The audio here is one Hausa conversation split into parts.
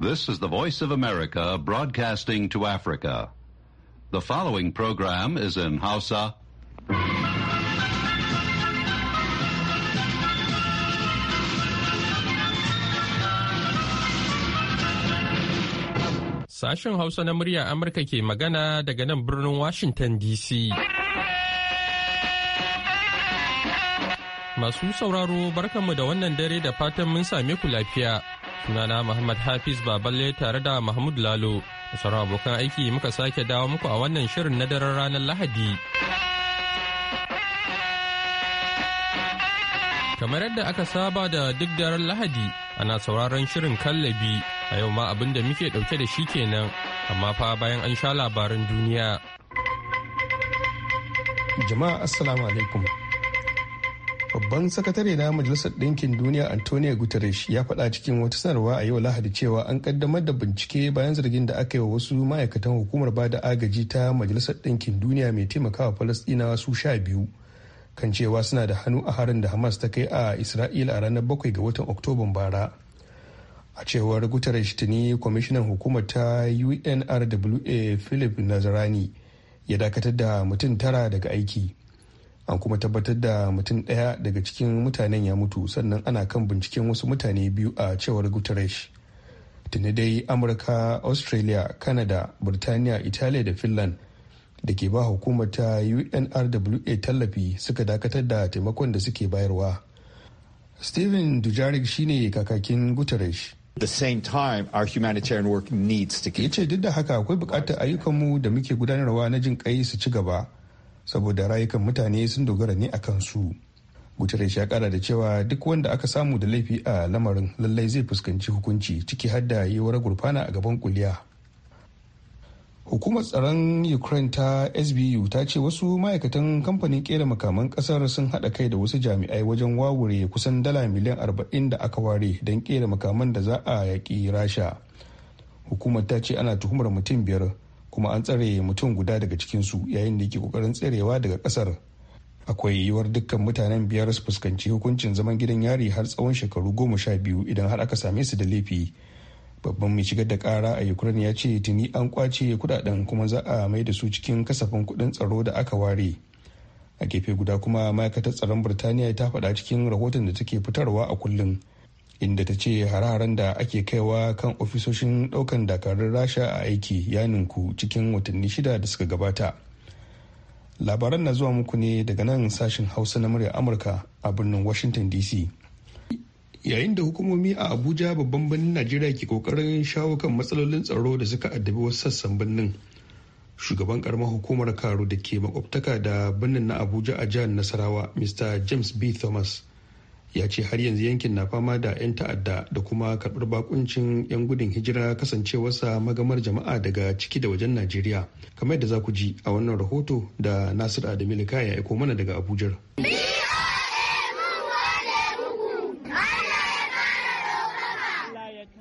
This is the Voice of America broadcasting to Africa. The following program is in Hausa. Sashen Hausa na murya Amurka ke magana daga nan birnin Washington DC. Masu sauraro barkanmu da wannan dare da fatan mun same ku lafiya. Sunana Muhammad Hafiz Baballe tare da Mahmud Lalo. sauran abokan aiki muka sake dawo muku a wannan shirin na daren ranar Lahadi. Kamar yadda aka saba da duk daren Lahadi ana sauraron shirin kallabi a yau ma abin da muke ɗauke da shi kenan amma fa bayan an sha labaran duniya. Jama'a Assalamu alaikum. Babban sakatare na Majalisar Ɗinkin Duniya Antonio Guterres ya faɗa cikin wata sanarwa a yau Lahadi cewa an kaddamar da bincike bayan zargin da aka yi wa wasu ma'aikatan hukumar bada agaji ta Majalisar Ɗinkin Duniya mai taimakawa Falasɗinawa su sha biyu kan cewa suna da hannu a harin da Hamas ta kai a Isra'ila a ranar bakwai ga watan Oktoban bara. A cewar Guterres tuni kwamishinan hukumar ta UNRWA Philip Nazarani ya dakatar da mutum tara daga aiki. an kuma tabbatar da mutum ɗaya daga cikin mutanen ya mutu sannan ana kan binciken wasu mutane biyu a cewar guterres tuni dai amurka australia canada birtaniya italiya da finland da ke ba hukumar ta unrwa tallafi suka dakatar da taimakon da suke bayarwa steven dujarik shine kakakin guterres the same time our humanitarian work needs to keep. yace duk da haka akwai bukatar ayyukanmu da muke gudanarwa na jin kai su ci gaba saboda rayukan mutane sun dogara ne a kansu guterres ya kara da cewa duk wanda aka samu da laifi a lamarin lallai zai fuskanci hukunci ciki har da yiwuwar gurfana a gaban kuliya hukumar tsaron ukraine ta sbu ta ce wasu ma'aikatan kamfanin kera makaman kasar sun hada kai da wasu jami'ai wajen wawure kusan dala miliyan arba'in da aka ware don kera makaman da za a yaƙi rasha hukumar ta ce ana tuhumar mutum biyar kuma an tsare mutum guda daga cikinsu yayin da yake kokarin tserewa daga kasar akwai yiwuwar dukkan mutanen biyar su fuskanci hukuncin zaman gidan yari har tsawon shekaru goma sha biyu idan har aka same su da laifi babban mai shigar da kara a ukraine ya ce tuni an kwace kudaden kuma za a mai da su cikin kasafin kudin tsaro da aka ware a gefe guda kuma ma'aikatar tsaron birtaniya ta faɗa cikin rahoton da take fitarwa a kullum inda ta ce hare da ake kaiwa kan ofisoshin daukan dakarun rasha a aiki ya ninku cikin watanni shida da suka gabata labaran na zuwa muku ne daga nan sashen hausa na murya amurka a birnin washington dc yayin da hukumomi a abuja babban birnin najeriya ke kokarin shawo kan matsalolin tsaro da suka addabi wasu sassan birnin shugaban karamar hukumar karo da ke makwabtaka da birnin na abuja a jihar nasarawa mr james b thomas ya ce har yanzu yankin na fama da 'yan ta'adda da kuma karɓar bakuncin 'yan gudun hijira kasancewarsa magamar jama'a daga ciki da wajen najeriya kamar yadda za ku ji a wannan rahoto da nasir adamu ya aiko mana daga abuja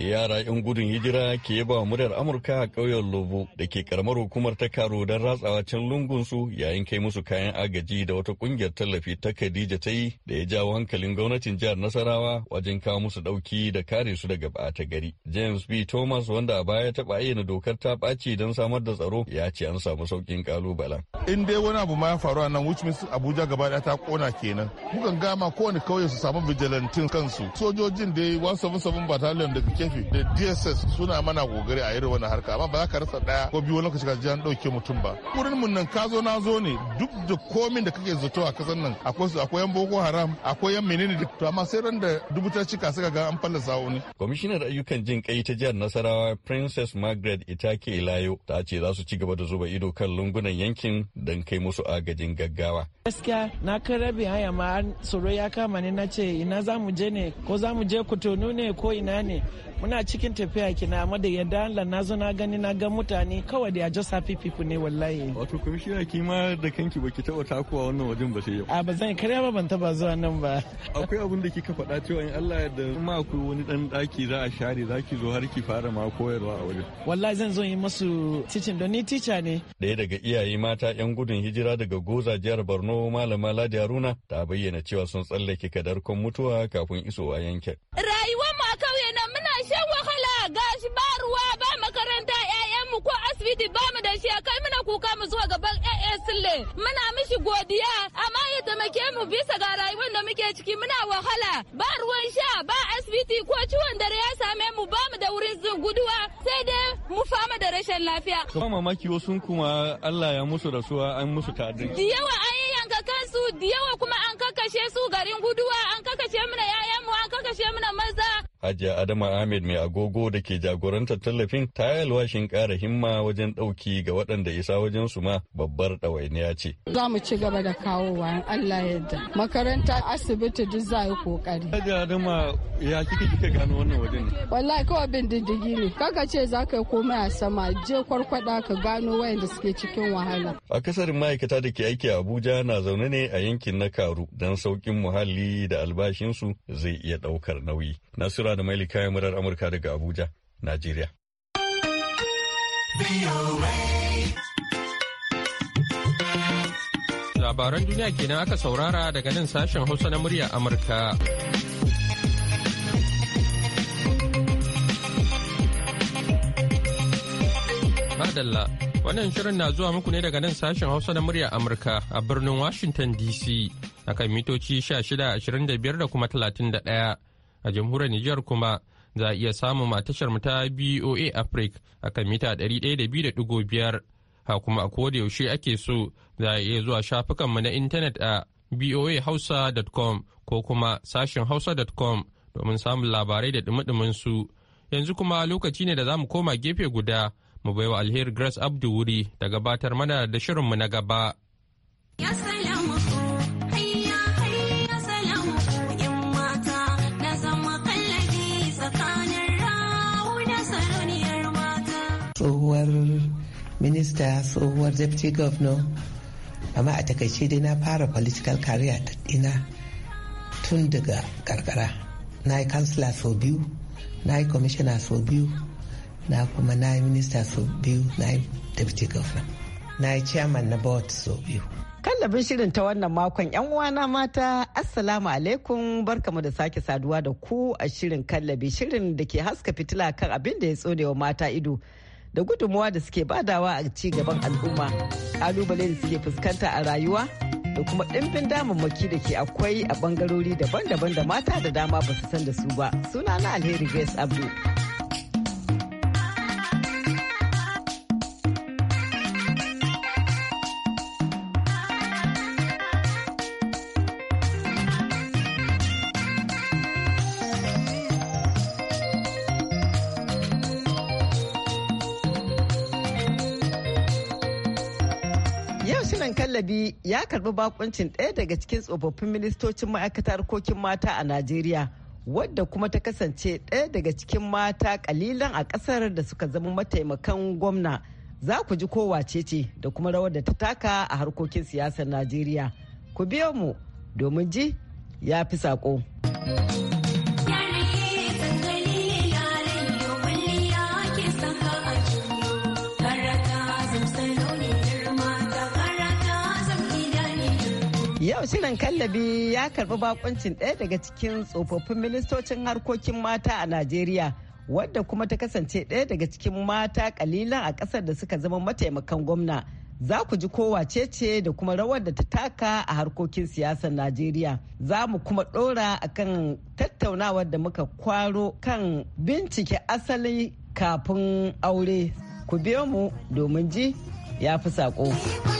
yara 'yan gudun hijira ke yaba muryar amurka a ƙauyen lobo da ke karamar hukumar ta karo don ratsawa can lungunsu yayin kai musu kayan agaji da wata ƙungiyar tallafi ta khadija ta yi da ya jawo hankalin gwamnatin jihar nasarawa wajen kawo musu ɗauki da kare su daga ɓata gari james b thomas wanda a baya ta ayyana dokar ta ɓaci don samar da tsaro ya ce an samu sauƙin kalubala. in dai wani abu ma ya faru a nan which means abuja gaba ɗaya ta ƙona kenan mukan gama kowane kauye su samu vigilantin kansu sojojin dai 177 battalion da ke gefe da dss suna mana gogari a irin wani harka amma ba za ka rasa daya ko biyu lokaci ka ji dauke mutum ba wurin mun nan ka zo na zo ne duk da komin da kake zato a kasan nan akwai akwai yan boko haram akwai yan menene da to amma sai ran da dubu cika suka ga an fallasa wani kwamishinar ayyukan jin kai ta jihar nasarawa princess margaret itake layo ta ce za su ci gaba da zuba ido kan lungunan yankin don kai musu agajin gaggawa gaskiya na kan rabi haya ma tsoro ya kama ne na ce ina za mu je ne ko za mu je kutonu ne ko ina ne muna cikin tafiya kina amma da yadda Allah na zo na gani na ga mutane kawai da just happy people ne wallahi wato shi ki ma da kanki baki taba takuwa wannan wajen ba sai yau a ba zan karya ba ban taba zuwa nan ba akwai abin da kika faɗa cewa in Allah ya da ma akwai wani dan daki za a share za ki zo har ki fara ma koyarwa a wajen wallahi zan zo yi masu teaching don ni teacher ne daya daga iyaye mata yan gudun hijira daga Goza jihar Borno malama Ladi Haruna ta bayyana cewa sun tsallake kadarkon mutuwa kafin isowa yankin w h asibiti ba mu da shi kai muna kuka mu zuwa gaban AA sille muna mishi godiya amma ya taimake mu bisa ga rayuwar da muke ciki muna wahala ba ruwan sha ba asibiti ko ciwon dare ya same mu ba mu da wurin zin guduwa sai dai mu fama da rashin lafiya. Kuma mamaki wasu kuma Allah ya musu rasuwa an musu ta'addanci. Da yawa an yanka kansu da yawa kuma an kakashe su garin guduwa an kakashe mana 'ya'yanmu an kakashe mana maza. Hajiya Adama Ahmed mai agogo da ke jagorantar tallafin ta yi alwashin ƙara himma wajen ɗauki ga waɗanda isa wajen su ma babbar ɗawainiya ce. Za mu ci gaba da kawowa in Allah yadda. Makaranta asibiti duk za yi kokari. Hajiya Adama ya kika kika gano wannan wajen ne? Wallahi kawai bin diddigi ne. Kaka ce za ka yi komai a sama je kwarkwada ka gano wayanda suke cikin wahala. a Akasarin ma'aikata da ke aiki a Abuja na zaune ne a yankin na Karu don saukin muhalli da albashinsu zai iya ɗaukar nauyi. nasira da Maili kayan murar Amurka daga Abuja, Najeriya. Labaran duniya kenan aka saurara daga nan sashen Hausa na murya Amurka. Madalla, wannan shirin na zuwa muku ne daga nan sashen Hausa na murya Amurka a birnin Washington DC akan mitoci 1625 da kuma 31 a jamhuriyar Nijar kuma za a iya samun matashar mu ta BOA Africa akan mita 102.5 ha kuma a koda yaushe ake so za a iya zuwa shafukan mu na intanet a boahausa.com ko kuma sashen hausa.com domin samun labarai da dumi su yanzu kuma lokaci ne da za mu koma gefe guda mu baiwa alheri Grace Abdu wuri da gabatar mana da shirinmu na gaba. Yes, minista tsohuwar deputy governor amma a takaice dai na fara political career ta ina tun daga karkara na yi kansila sau biyu na yi commissioner sau biyu na kuma na yi minista sau biyu na yi deputy governor na yi chairman na board sau biyu kallabin shirin ta wannan makon yan uwana mata assalamu alaikum barkamu da sake saduwa da ku a shirin kallabi shirin da ke haska fitila kan abin da ya tsonewa mata ido da gudunmuwa da suke badawa a ci gaban al'umma kalubale da suke fuskanta a rayuwa da kuma ɗimbin damammaki da ke akwai a bangarori daban-daban da mata da dama ba su san da su ba suna na alheri grace abdul Alabi ya karbi bakuncin ɗaya daga cikin tsofaffin ministocin ma'aikatar harkokin mata a Najeriya, wadda kuma ta kasance ɗaya daga cikin mata kalilan a ƙasar da suka zama mataimakan gwamna. Za ku ji kowace ce da kuma rawar da ta taka a harkokin siyasar Najeriya. Ku biyo mu domin ji ya fi saƙo. Yau shirin kallabi ya karbi bakuncin ɗaya daga cikin tsofaffin ministocin harkokin mata a Najeriya wadda kuma ta kasance ɗaya daga cikin mata kalilan a ƙasar da suka zama mataimakan gwamna. Za ku ji kowa ce da kuma rawar da ta taka a harkokin siyasar Najeriya. Za mu kuma ɗora a kan tattaunawar da muka kwaro kan bincike asali kafin aure. Ku biyo mu domin ji ya fi saƙo.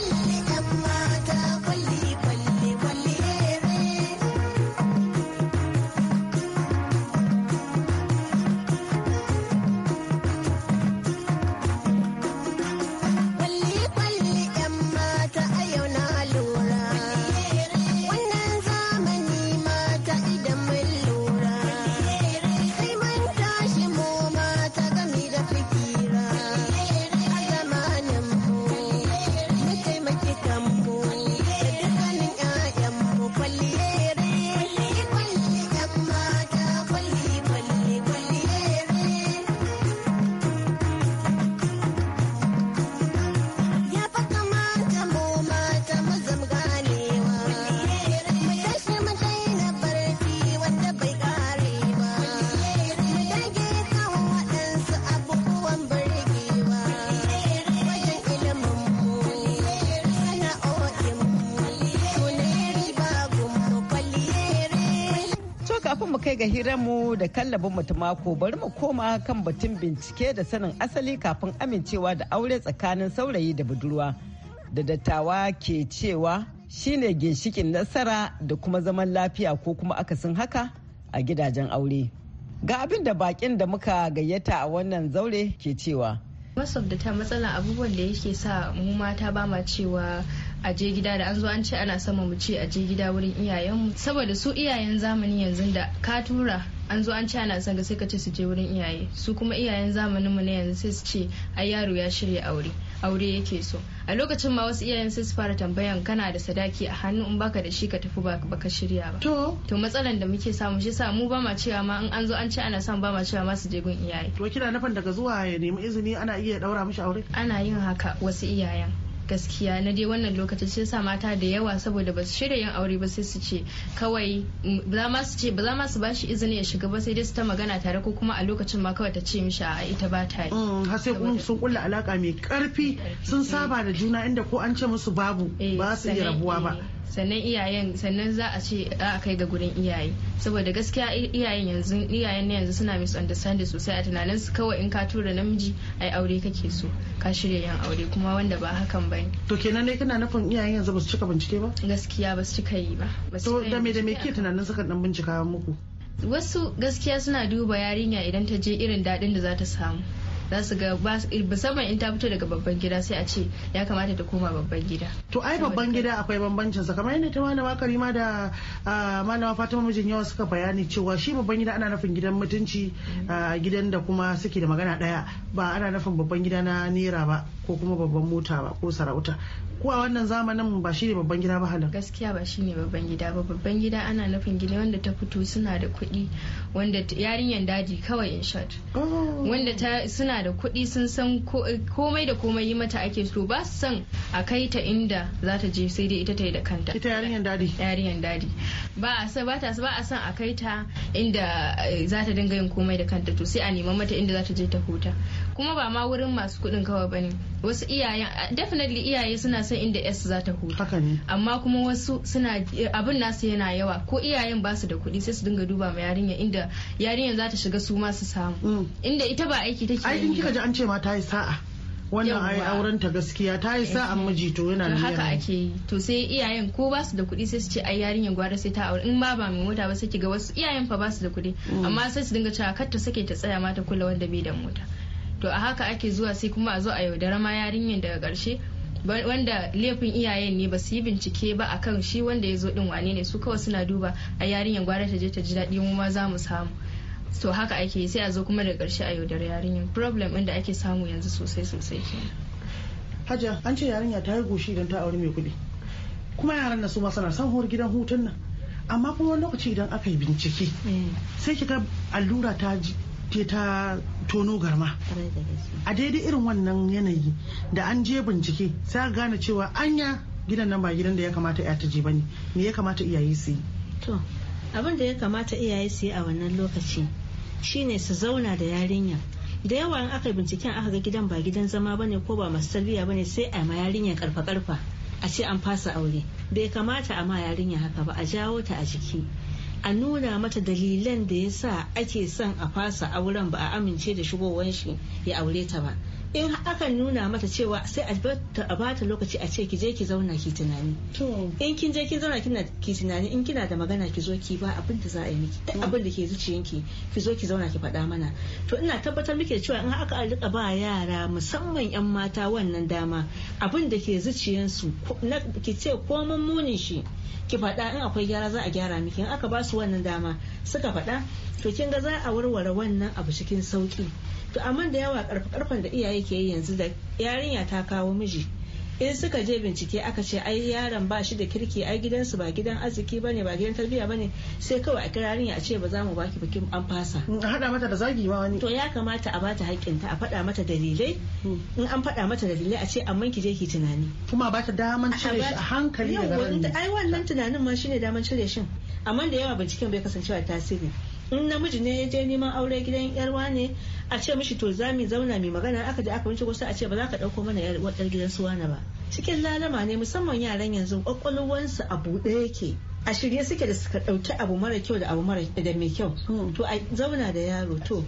ga hiranmu da kallabin mu mako bari mu koma kan batun bincike da sanin asali kafin amincewa da aure tsakanin saurayi da budurwa da dattawa ke cewa shine ginshikin nasara da kuma zaman lafiya ko kuma akasin haka a gidajen aure. Ga abin da bakin da muka gayyata a wannan zaure ke cewa. Most of the time matsalan abubuwan da yake sa mu mata ba ma cewa aje gida da an zo an ce ana sama mu ce a je gida wurin iyayenmu saboda su iyayen zamani yanzu da ka tura an zo an ce ana son sai ka ce su je wurin iyaye su kuma iyayen zamanin mu na yanzu sai su ce ai yaro ya shirya aure aure yake so a lokacin ma wasu iyayen sai su fara tambayan kana da sadaki a hannu in baka da shi ka tafi ba baka shirya ba to to matsalan da muke samu shi sa mu ba ma cewa ma in an zo an ce ana son ba ma cewa ma su je gun iyaye to kina nufin daga zuwa ya nemi izini ana iya daura mishi aure ana yin haka wasu iyayen gaskiya na dai wannan lokacin sai sa mata da yawa saboda ba su shirya yin aure ba sai su ce kawai mm, ba za ma su bashi izini ya shiga ba sai dai su ta magana tare ko kuma a lokacin ma kawai ta ce mishi a ita ba ta yi mm, har sai sun kulla alaka mai karfi sun saba da juna inda ko an ce musu babu eh, ba su iya rabuwa ba eh. sannan iyayen sannan za a ce a kai ga gurin iyaye saboda gaskiya iyayen yanzu iyayen na yanzu suna misunderstanding sosai a tunanin su kawai in ka tura namiji ai aure kake so ka shirya yan aure kuma wanda ba hakan ne. to kenan ne kana nufin iyayen yanzu ba su cika bincike ba gaskiya ba su cika yi ba to da me da me ke tunanin suka dan bincika muku wasu gaskiya suna duba yarinya idan ta je irin daɗin da za ta samu za su ga musamman in ta fito daga babban gida sai a ce ya kamata ta koma babban gida to ai babban gida akwai bambancin sa kamar yadda ta malama karima da malama fatima mijin yawa suka bayani cewa shi babban gida ana nufin gidan mutunci gidan da kuma suke da magana daya ba ana nufin babban gida na nera ba ko kuma babban mota ba ko sarauta ko a wannan zamanin ba shi ne babban gida ba halin gaskiya ba shi ne babban gida ba babban gida ana nufin gida wanda ta fito suna da kuɗi wanda yarinyar daji kawai in short oh. wanda suna da kuɗi sun san komai da komai yi mata ake so ba su san a kai ta inda za ta je sai dai ita ta yi da kanta ita yarinyar dadi yarinyar dadi ba a san ba ta ba a san a kai ta inda eh, za ta dinga yin komai da kanta to sai a nema mata inda za ta je ta huta kuma ba ma wurin masu kuɗin kawai bane wasu iyayen eh, definitely iyaye suna son inda s za ta huta amma kuma wasu suna eh, abin nasu yana yawa ko iyayen ba su da kuɗi sai su dinga duba ma yarinya inda yarinya za ta shiga su ma su samu mm. inda ita ba aiki take ai in kika ji an ce ma ta yi sa'a wannan ai auren ta gaskiya ta yi sa'a miji to yana da haka ake yi to sai iyayen ko ba su da kuɗi sai su ce ai yarinyar gwara sai ta aure in ba ba mai mota ba sai ki ga wasu iyayen fa ba su da kuɗi mm. amma sai su dinga cewa kar ta sake ta tsaya ma ta kula wanda bai da mota to a haka ake zuwa sai kuma a zo a yaudara ma yarinyar daga karshe wanda laifin iyayen ne ba su yi bincike ba a kan shi wanda ya zo din wane ne su kawai suna duba a yarinyar gwara ta je ta ji daɗi mu ma za mu samu to haka ake sai a zo kuma daga karshe a yaudara yarinyar problem ɗin da ake samu yanzu sosai sosai ke. hajja an ce yarinya ta yi goshi idan ta aure mai kuɗi kuma yaran na su ma son hor gidan hutun nan amma kuma wani lokaci idan aka yi bincike eh. sai kika allura ta ta tono garma a daidai irin wannan yanayi da an je bincike za gane cewa anya gidan nan ba gidan da ya kamata ya taje bane me ya kamata iyaye su yi to abin da ya kamata iyaye su yi a wannan lokaci shine su zauna da yarinya da yawa in aka binciken aka ga gidan ba gidan zama bane ko ba masu tarbiyya bane sai a ma yarinya karfa karfa a ce an fasa aure bai kamata a ma yarinya haka ba a jawo ta a jiki a nuna mata dalilan da ya sa ake son a fasa auren ba a amince da shigowar shi ya aure ta ba in aka nuna mata cewa sai a bata lokaci a ce ki je ki zauna ki tunani in kin je kin zauna kina ki tunani in kina da magana ki zo ki ba abin da za a yi miki duk mm. abin da ke zuciyanki ki zo ki zauna ki faɗa mana to ina tabbatar muke cewa in aka rika ba yara musamman yan mata wannan dama abin da ke zuciyansu ki ce mun munin shi ki faɗa in akwai gyara za a gyara miki in aka ba su wannan dama suka faɗa to kin ga za a warware wannan abu cikin sauki to amma da yawa karfe-karfen da iyaye ke yi yanzu da yarinya ta kawo miji in suka je bincike aka ce ai yaron ba shi da kirki ai gidansu ba gidan arziki ba ne ba gidan tarbiyya ba ne sai kawai a kirarin a ce ba za mu baki bikin an fasa hada mata da zagi ma wani to ya kamata a bata haƙƙinta a faɗa mata dalilai hmm. in an faɗa mata dalilai a ce amma ki je ki tunani kuma ba ta daman cire shi a hankali daga ai wannan tunanin ma shine daman cire shin amma da yawa binciken bai kasancewa tasiri in namiji ne ya je neman aure gidan yarwa ne a ce mishi to za mu zauna mai magana aka je aka wuce wasu a ce ba za ka dauko mana yar wadar gidan su wani ba cikin lalama ne musamman yaran yanzu kwakwalwansu a buɗe yake a shirye suke da suka ɗauki abu mara kyau da abu mara da mai kyau hmm. to a zauna da yaro to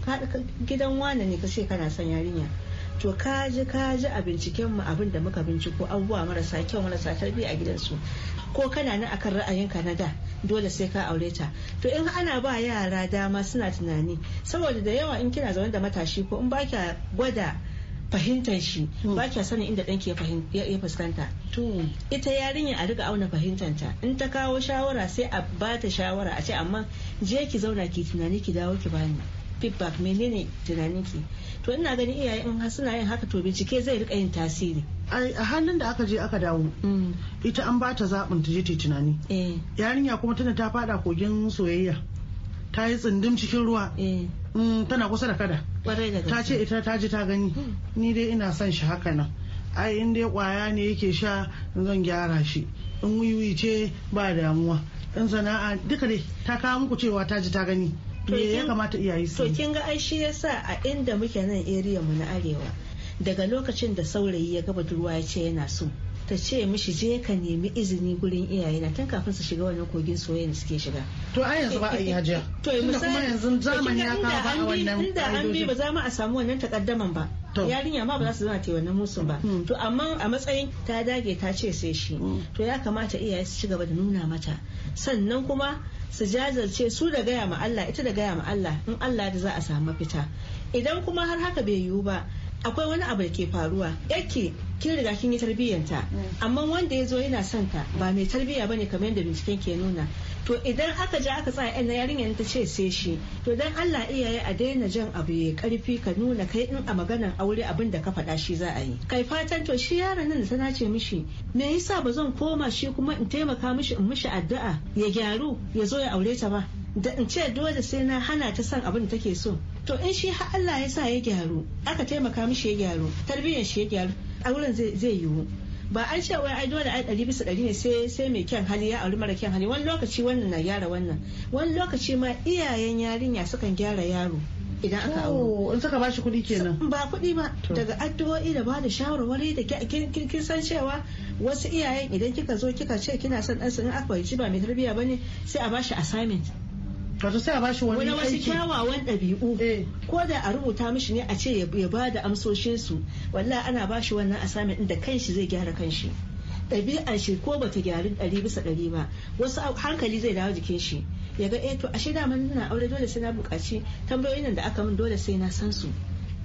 gidan wane ne ka kana son yarinya to kaji kaji a binciken mu abin da muka binciko abubuwa marasa kyau marasa tarbiyya a gidansu ko kana na akan ra'ayinka na da dole sai ka aure ta to in ana ba yara dama suna tunani saboda da yawa in kina zaune da matashi ko in baki gwada fahimtar shi hmm. ba kya sanin inda ɗanki ya fuskanta ita yarinya a riga auna fahimtanta in ta kawo shawara sai a ba ta shawara a ce amma je ki zauna ki tunani ki dawo ki bani feedback menene tunaninki to ina ganin iyaye in suna yin haka to bincike zai rika yin tasiri a halin da aka je aka dawo mm. ita an bata zaɓin ta je ta tunani eh. yarinya kuma tana ta fada kogin soyayya ta yi tsindim cikin ruwa eh. mm, tana kusa da kada ta ce ita ta ji ta gani hmm. ni dai ina son shi haka nan ai in dai kwaya ne yake sha zan gyara shi in wiwi ce ba damuwa in sana'a duka dai ta kawo muku cewa ta ji ta gani me ya kamata iyaye su to kin ga ai shi yasa a inda muke nan area mu na arewa daga lokacin da saurayi ya ga budurwa ya ce yana so ta ce mishi je ka nemi izini gurin iyaye na tun kafin su shiga wannan kogin soyayya da suke shiga to a yanzu ba a yi hajiya to kuma yanzu zamani ya kawo ba a wannan inda an bi ba za mu a samu wannan takaddaman ba yarinya ma ba za su zama ta wannan musun ba hmm. to amma a matsayin ta dage ta ce sai shi hmm. to ya kamata iyaye su ci gaba da nuna mata sannan kuma su jajirce su da gaya ma Allah ita da gaya ma Allah in Allah da za a samu fita idan kuma har haka bai yiwu ba akwai wani abu da ke faruwa yake kin riga kin yi tarbiyyanta mm. amma wanda ya zo yana son ka ba mai tarbiyya bane kamar yadda binciken ke nuna to idan aka ja aka tsaya yan yarinyar ta ce sai shi to dan Allah iyaye a daina jan abu ya karfi ka nuna kai in a maganar aure abin da ka faɗa shi za a yi kai fatan to shi yaron nan da ta ce mishi me yasa ba zan koma shi kuma in taimaka mishi in mishi addu'a ya gyaru ya zo ya aure ta ba da in ce dole sai na hana ta son abin da take so to in shi har Allah ya sa ya gyaru aka taimaka mishi ya gyaru tarbiyyar shi ya gyaru a wurin zai yiwu ba an ce wai ai dole ai ɗari bisa ɗari ne sai sai mai kyan hali ya auri mara kyan hali wani lokaci wannan na gyara wannan wani lokaci ma iyayen yarinya sukan gyara yaro idan aka auro oh, in suka bashi kuɗi kenan ba kuɗi ba daga addu'o'i da ba da shawarwari da kin san cewa wasu iyayen idan kika zo kika ce kina son ɗansa in aka bai ba mai tarbiyya bane sai a bashi assignment wato sai a bashi wani aiki wani wasu kyawawan ɗabi'u eh. ko da a rubuta mishi ne a ce ya ba da amsoshin su wallahi ana bashi wannan assignment din da kanshi zai gyara kanshi ɗabi'ar shi ko bata gyaru ɗari bisa ɗari ba wasu hankali zai dawo jikin shi ya ga eh to ashe da man ina aure dole sai na buƙaci tambayoyin da aka min dole sai na san su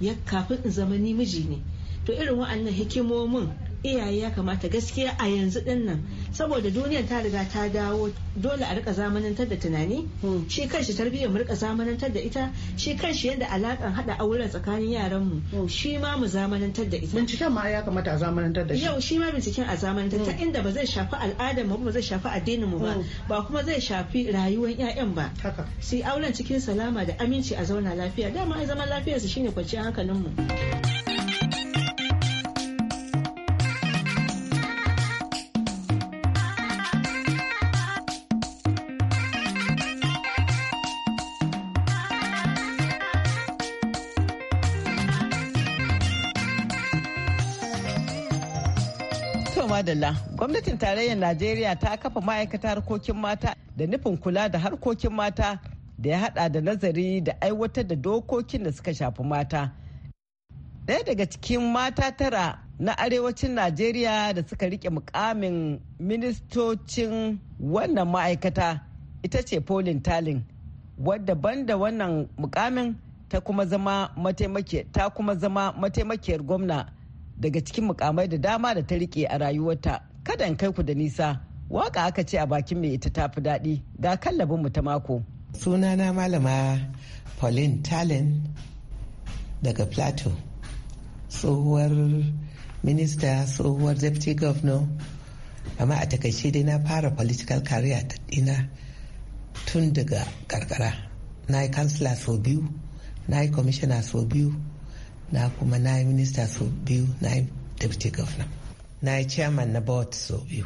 ya kafin in zama ni miji ne to irin wa'annan hikimomin iyaye ya kamata gaskiya a yanzu din nan saboda duniyar ta riga ta dawo dole a rika zamanantar da tunani hmm. shi kanshi tarbiyyar mu rika zamanantar da ita shi kanshi yadda alakan hada auren tsakanin yaran mu hmm. shi ma mu zamanantar da ita binciken ma ya kamata a zamanantar da shi yau shi ma binciken a zamanantar ta hmm. inda ba zai shafi al'adar mu ba zai shafi addinin mu ba ba kuma zai shafi rayuwar ƴaƴan ba si auren cikin salama da aminci a zauna lafiya dama ai zaman lafiyarsu shine kwanciyar hankalin mu madalla gwamnatin tarayyar najeriya ta kafa ma'aikata harkokin mata da nufin kula da harkokin mata da ya hada da nazari da aiwatar da dokokin da suka shafi mata daya daga cikin mata tara na arewacin najeriya da suka rike mukamin ministocin wannan ma'aikata ita ce polin talin wadda banda wannan mukamin ta kuma zama mataimakiyar gwamna daga cikin mukamai da dama da ta rike a rayuwarta kada in kai ku da nisa waka aka ce a bakin mai ita tafi daɗi ga kallabin mu ta mako sunana malama pauline talin daga plateau tsohuwar minista tsohuwar deputy governor amma a takaice dai na fara political career ta dina tun daga karkara na yi kansila sau biyu na yi commissioner sau biyu na kuma na yi minista sau biyu na yi deputy governor na yi chairman na board sau biyu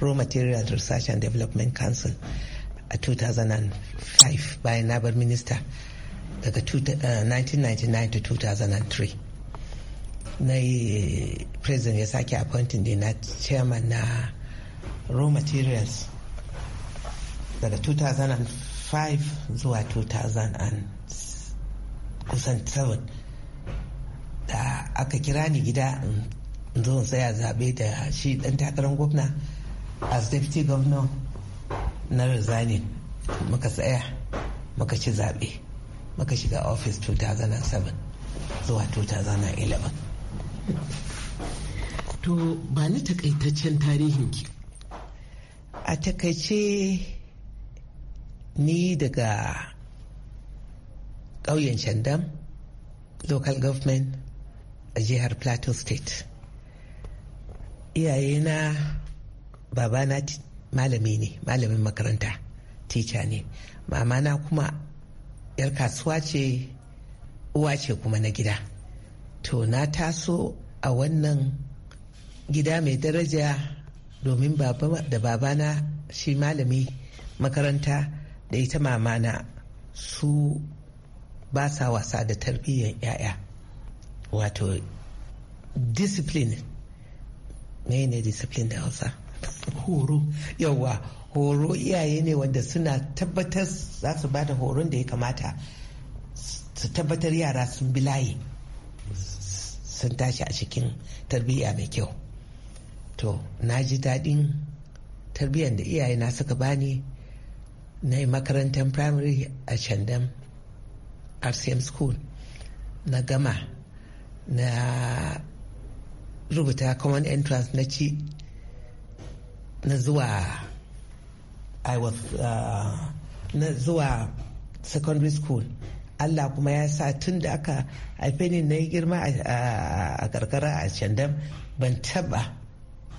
raw material research and development council a 2005 bayan na bar minista daga 1999 eh, to 2003 na yi eh, president ya sake appointing da na chairman na raw materials daga 2005 zuwa 2000 kusan 7 da aka kira ni gida in zo tsaya zaɓe da shi ɗan takarar gwamna as deputy governor na resigning muka tsaya muka ci zaɓe muka shiga office 2007 zuwa 2011 to ba ni takaitaccen tarihinki a takaice ni daga ƙauyen shandam local government a jihar plateau state iyayena babana malami ne malamin makaranta tica ne mamana kuma yar kasuwa ce uwa ce kuma na gida to na taso a wannan gida mai daraja domin baba da babana shi malami makaranta da ita mamana su ba sa wasa da tarbiyyar 'ya'ya wato discipline me ne discipline da hausa horo yawa horo iyaye ne wanda suna tabbatar za su ba da horon da ya kamata su tabbatar yara sun bi layi sun tashi a cikin tarbiyya mai kyau to na ji daɗin tarbiyyar da iyaye na suka bani na yi makarantar primary a chandam rcm school na gama na rubuta common entrance na ci na zuwa i was uh, na zuwa secondary school Allah kuma ya sa tun da aka haife ni na yi girma a karkara a Chandam ban taba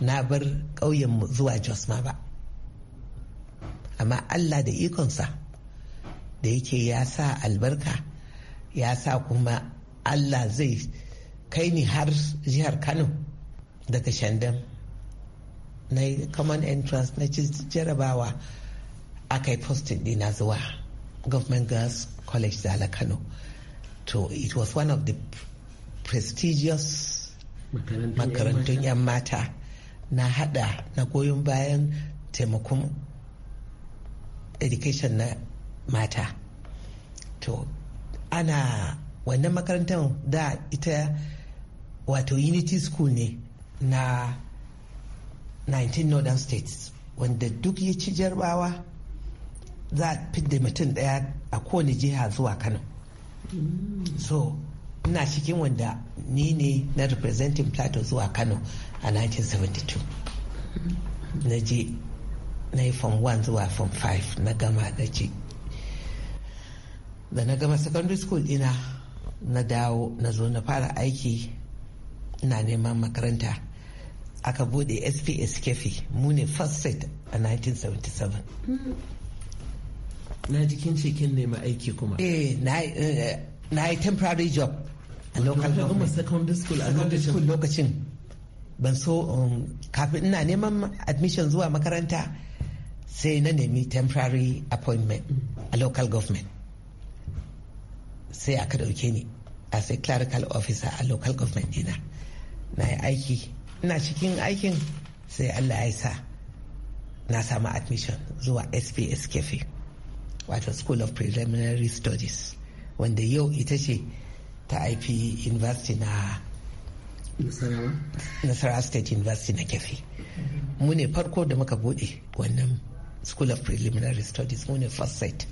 na bar ƙauyenmu zuwa Jos ma ba. Amma Allah da ikonsa da yake ya sa albarka ya sa kuma Allah zai kai ni har jihar kano daga shandam na yi common entrance na ci jarabawa aka yi posting dina zuwa government girls college da ala kano to it was one of the prestigious makarantun 'yan mata na hada na goyon bayan taimakon education na mata to ana wannan makarantar da ita wato unity school ne na 19 northern states wanda duk ya ci jarbawa za a fidda mutum daya a kowane jiha zuwa kano so ina cikin wanda ni ne na representing plateau zuwa kano a 1972 na je na yi form 1 zuwa form 5 na gama na ce da na gama secondary school ina na dawo na zo na fara aiki na neman makaranta aka bude sps kefi mu ne first set a 1977 mm-hmm. na jikin cikin nema aiki kuma eh, eh na yi temporary job a local government secondary school a lokacin ban so um, kafin ina neman admission zuwa makaranta sai na nemi temporary appointment a local government sai aka dauke ni as a clerical officer a local government dina na yi aiki ina cikin aikin sai allah ya sa na samu admission zuwa sps cafe wato school of preliminary studies wanda yau ita ce ta ip university na nasarawa state university na cafe mune farko da muka bude wannan school of preliminary studies mu ne first site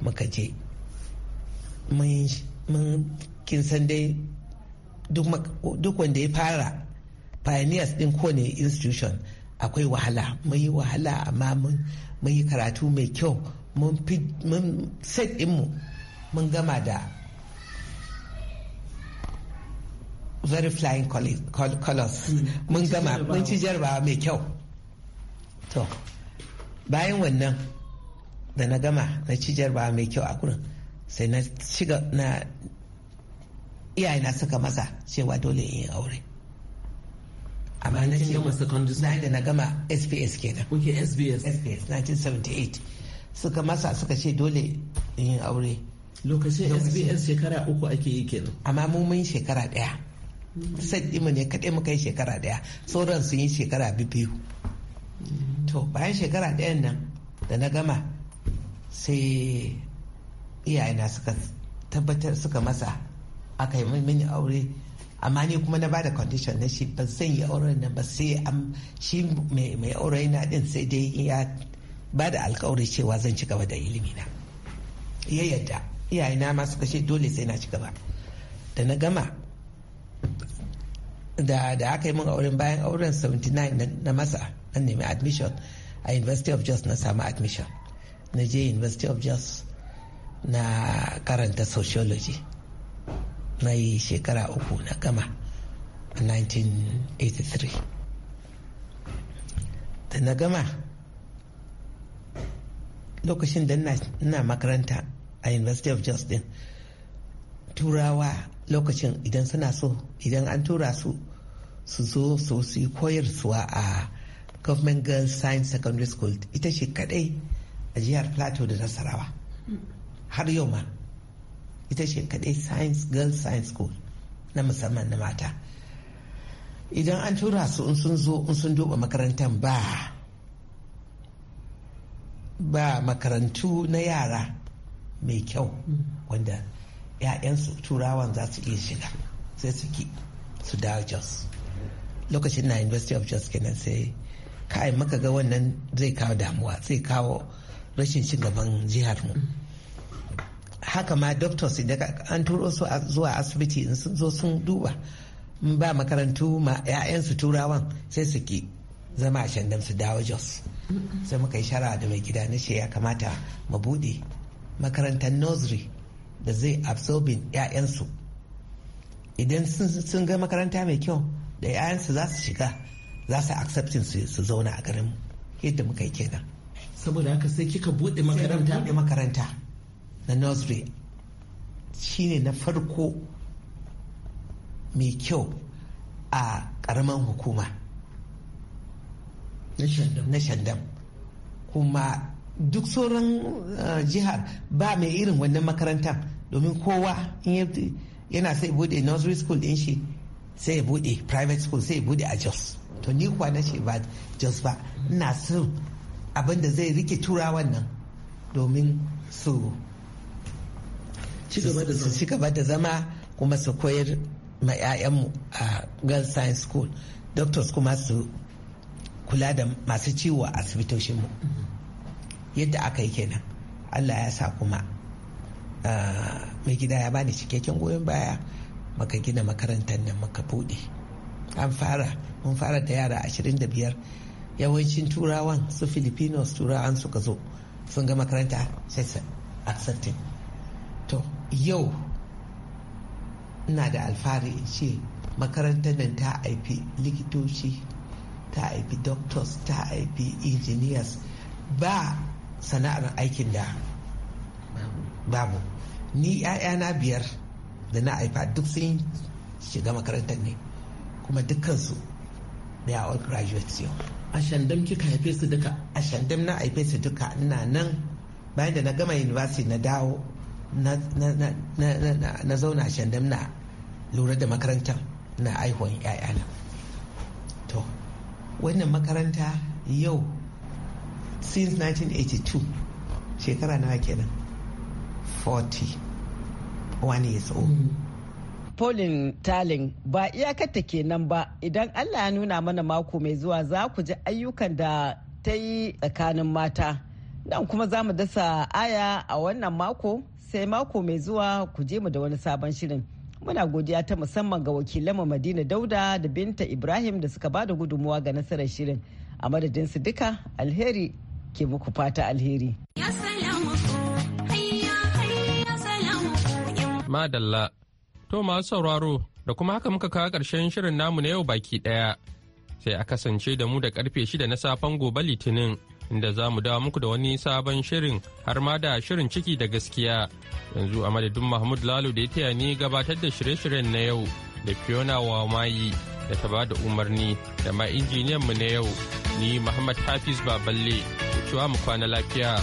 muka je mun kin san dai duk wanda ya fara pioneers din kowane institution akwai wahala mun yi wahala amma mun yi karatu mai kyau mun set dinmu mun gama da very flying colors mun gama mun ci jarabawa mai kyau to bayan wannan da na gama na ci jarabawa mai kyau a kurin sai na iyayena suka masa cewa dole in yi aure amma na ce na da na gama sps kenan ok sps sps 1978 suka masa suka ce dole in yi aure lokacin sps shekara uku ake yi kenan amma mu mun shekara daya hmm. sai mu ne kaɗai mu kai shekara daya sauran sun yi shekara biyu hmm. to bayan shekara ɗayan nan da na gama sai iyayena suka tabbatar suka masa aka yi mini aure amma ni kuma na ba da condition na shi ba zan yi auren nan ba sai am shi mai aure na din sai dai ya bada alkawari cewa zan ci gaba da ilimi na ya yadda iyayena ma suka ce dole sai na ci gaba da na gama da da aka yi min auren bayan auren 79 na masa na nemi admission a university of jos na samu admission na je university of jos na karanta sociology na yi shekara uku na gama a 1983 da na gama lokacin da ina makaranta a university of justin turawa lokacin idan suna so idan an tura su su zo su su yi koyarsuwa a government girls science secondary school ita ce kadai a jihar plateau da nasarawa har yau ma ita ce kadai science girl science school na musamman na mata idan an tura su in sun zo in sun duba makarantar ba ba makarantu na yara mai kyau wanda 'ya'yansu turawan za su iya shiga sai su ki su dawo jos lokacin na university of jos kenan sai kai maka ga wannan zai kawo damuwa zai kawo rashin ci jihar mu haka ma doctors idan an turo su zuwa asibiti in sun zo sun duba in ba makarantu ma 'ya'yansu turawan sai su ki zama a shandam su dawo jos sai muka yi shara da mai gida na ya kamata mu bude makarantar nursery da zai absorbin 'ya'yansu idan sun ga makaranta mai kyau da su za su shiga za su accepting su zauna a garin yadda muka yi kenan saboda haka sai kika bude makaranta na nursery shi ne na farko mai kyau a ƙaramin hukuma na shandam kuma duk sauran uh, jihar ba mai irin wannan makarantar domin kowa yana sai bude nursery school din shi sai ya bude private school sai ya bude a jos to ni kuwa na ce ba jos ba ina son abin da zai rike turawan nan domin su ci gaba da zama kuma su koyar ma 'ya'yanmu a girls science school doctors kuma su kula da masu ciwo a asibitoshinmu yadda aka yi kenan allah ya sa kuma ah, mai gida ya bani cikakken goyon baya maka gina makarantar nan maka buɗe an fara mun fara da yara 25 yawancin turawan su filipinos turawan suka zo sun ga makaranta sai accepting yau ina da alfahari in ce makarantar nan ta haifi likitoci ta haifi doctors ta haifi engineers ba sana'ar aikin da babu ni 'ya'yana biyar da na haifa duk sun shiga makarantar ne kuma dukkansu da all graduates yau a shandam kika haife su duka a shandam na haife su duka ina nan bayan da na gama university na dawo na zauna shandam na lura da makarantar na aihon 'ya'yana to wannan makaranta yau since 1982 shekara nawa kenan 40 one years old hmm. polin Pauline Talin ba iyakarta kenan ba idan Allah ya nuna mana mako mai zuwa za ku ji ayyukan da ta yi tsakanin mata. Nan kuma za mu dasa aya a wannan mako sai mako mai zuwa ku je mu da wani sabon shirin. Muna godiya ta musamman ga wakilanmu Madina Dauda da Binta Ibrahim da suka bada gudunmuwa ga nasarar shirin. A madadin su duka alheri ke muku fata alheri. Madalla, to masu sauraro da kuma haka muka kawo ƙarshen shirin namu na yau baki ɗaya. Sai a kasance da mu da karfe shida na safen gobe Litinin. inda za mu dawo muku da wani sabon shirin har ma da shirin ciki da gaskiya yanzu a madadin mahmud lalo da ya taya ni gabatar da shirye-shiryen na yau da fiona wa mayi da ta ba da umarni da ma injiniyan mu na yau ni muhammad hafiz baballe cewa mu kwana lafiya.